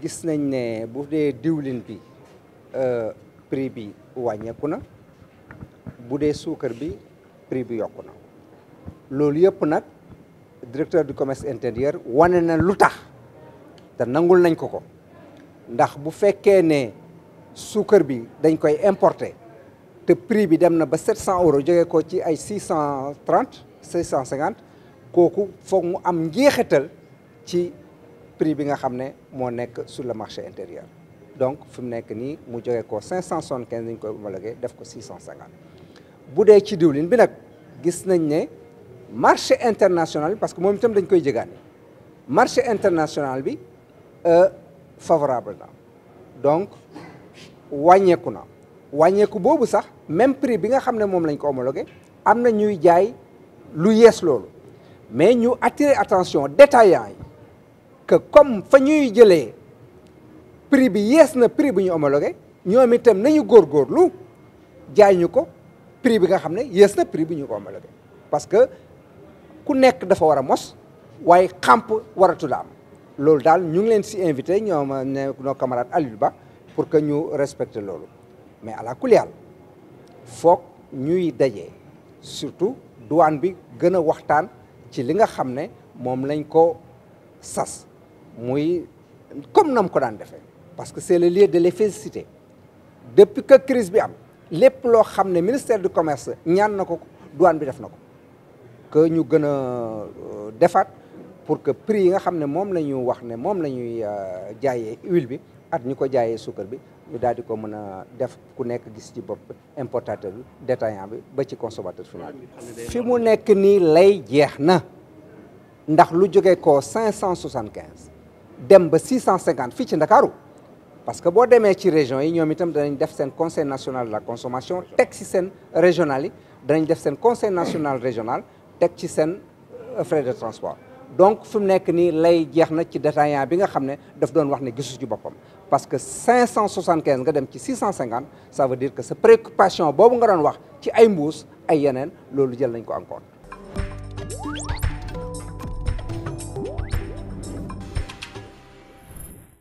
gis nañ ne bu dee diwlin bi euh, prix bi wàññeeku na bu dee suukar bi prix bi yokku na loolu yëpp nag directeur du commerce intérieur wane na lu tax te nangul nañ ko ko ndax bu fekkee ne suukar bi dañ koy importer te prix bi dem na ba 700 euros jógee ko ci ay 630 650 kooku foog mu am njeexital ci prix bi nga xam ne moo nekk sur le marché intérieur donc fi mu nekk nii mu jógee ko 575 ni ñu koy homologué def ko 650 bu dee ci diwlin bi nag gis nañ ne marché international parce que moom itam dañ koy jëgaani marché international bi euh, favorable na donc wàññeeku na wàññeeku boobu sax même prix bi nga xam ne moom lañ ko homologué am na ñuy jaay lu yees loolu mais ñu attirer attention détayan yi que comme fa ñuy jëlee prix bi yees na prix bu ñu homologué ñoom itam nañu góor góorgóorlu jaay ñu ko prix bi nga xam ne yees na prix bu ñu ko parce que ku nekk dafa war a mos waaye xamp waratul am loolu daal ñu ngi leen si invité ñoom ne nos camarades Aliou Ba pour que ñu respecte loolu mais à la kuliyal foog ñuy dajee surtout douane bi gën a waxtaan ci li nga xam ne moom lañ ko sas muy comme na mu ko daan defee parce que c'est le lieu de les féliciter depuis que crise bi am lépp loo xam ne ministère du commerce ñaan na ko douane bi def na ko que ñu gën a euh, defaat pour que prix yi nga xam ne moom la ñu wax ne moom la ñuy euh, jaayee huile bi at ñi ko jaayee suukar bi ñu daal di ko mën a def ku nekk gis ci bopp importateur bi détaillant bi ba ci consommateur final bi. fi mu nekk nii lay jeex na ndax lu jógee ko 575 dem ba 650 fii ci Ndakaaru parce que boo demee ci région yi ñoom itam danañ def seen conseil national la consomation teg ci seen régional yi danañ def seen conseil national régional teg ci seen euh, frais de transport. donc fi mu nekk nii lay jeex na ci détaillant bi nga xam ne daf doon wax ne gisu ci boppam parce que 575 nga dem ci 650 ça veut dire que sa préoccupation boobu nga doon wax ci ay mbuus ay yeneen loolu jël nañ ko en